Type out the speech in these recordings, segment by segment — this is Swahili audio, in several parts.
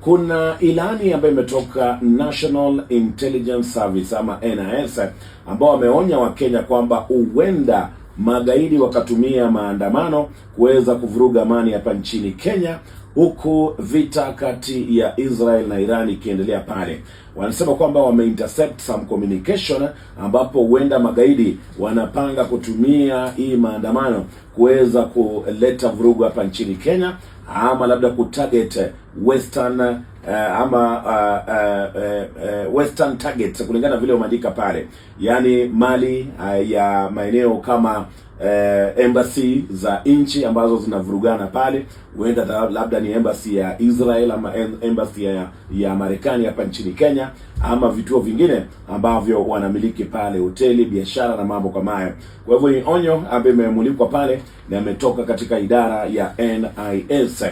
kuna ilani ambayo imetoka National Intelligence Service ama NIS ambao wameonya Wakenya kwamba huenda magaidi wakatumia maandamano kuweza kuvuruga amani hapa nchini Kenya, huku vita kati ya Israel na Iran ikiendelea pale. Wanasema kwamba wameintercept some communication, ambapo huenda magaidi wanapanga kutumia hii maandamano kuweza kuleta vurugu hapa nchini Kenya ama labda kutarget western uh, ama uh, uh, uh, uh, western targets kulingana vile umeandika pale, yaani mali uh, ya maeneo kama Eh, embassy za nchi ambazo zinavurugana pale, huenda labda ni embassy ya Israel ama embassy ya, ya Marekani hapa nchini Kenya, ama vituo vingine ambavyo wanamiliki pale, hoteli, biashara na mambo kama hayo. Kwa hivyo ni onyo ambayo imemulikwa pale na imetoka katika idara ya NIS.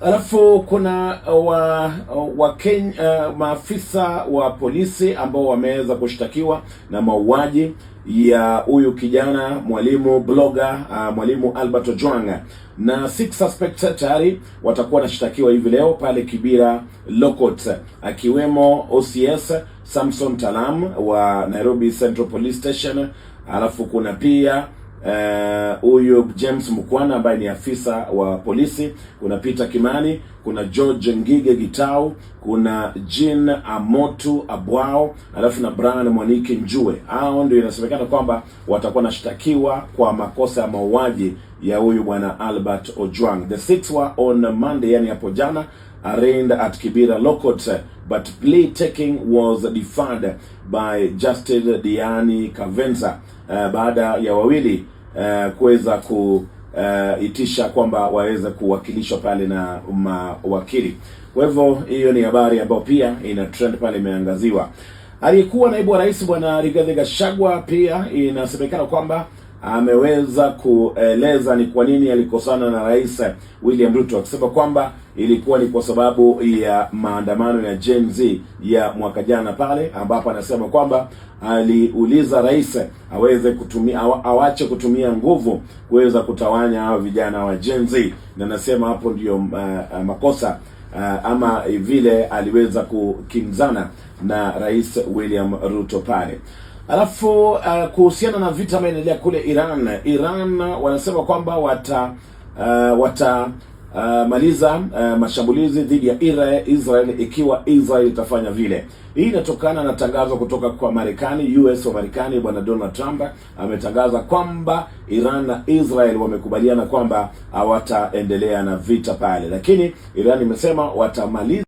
Alafu kuna uh, wa, uh, wa Ken, uh, maafisa wa polisi ambao wameweza kushtakiwa na mauaji ya huyu kijana mwalimu blogger uh, mwalimu Albert Ojwang na six suspects tayari watakuwa wanashtakiwa hivi leo pale Kibira Lokot, akiwemo OCS Samson Talam wa Nairobi Central Police Station, alafu kuna pia Eh, huyu uh, James Mukwana ambaye ni afisa wa polisi, kuna Peter Kimani, kuna George Ngige Gitau, kuna Jean Amotu Abwao, alafu na Brian Mwaniki Njue. Hao ndio inasemekana kwamba watakuwa nashtakiwa kwa makosa ya mauaji ya huyu bwana Albert Ojwang. The six were on Monday, yani hapo jana arraigned at Kibera Law but plea taking was deferred by Justice Diani Kavenza uh, baada ya wawili Eh, kuweza kuitisha eh, uh, kwamba waweze kuwakilishwa pale na mawakili. Kwa hivyo hiyo ni habari ambayo pia ina trend pale, imeangaziwa. Aliyekuwa naibu wa rais bwana Rigathi Gachagua pia inasemekana kwamba ameweza kueleza ni kwa nini alikosana na Rais William Ruto, akisema kwamba ilikuwa ni kwa sababu ya maandamano ya Gen Z ya mwaka jana pale, ambapo anasema kwamba aliuliza rais aweze kutumia awache kutumia nguvu kuweza kutawanya hao vijana wa Gen Z, na anasema hapo ndiyo uh, uh, makosa Uh, ama vile aliweza kukinzana na Rais William Ruto pale. Alafu uh, kuhusiana na vita inaendelea kule Iran, Iran wanasema kwamba wata uh, wata Uh, maliza uh, mashambulizi dhidi ya Israel ikiwa Israel itafanya vile. Hii inatokana na tangazo kutoka kwa Marekani, US wa Marekani, bwana Donald Trump ametangaza kwamba Iran na Israel wamekubaliana kwamba hawataendelea na vita pale, lakini Iran imesema watamaliza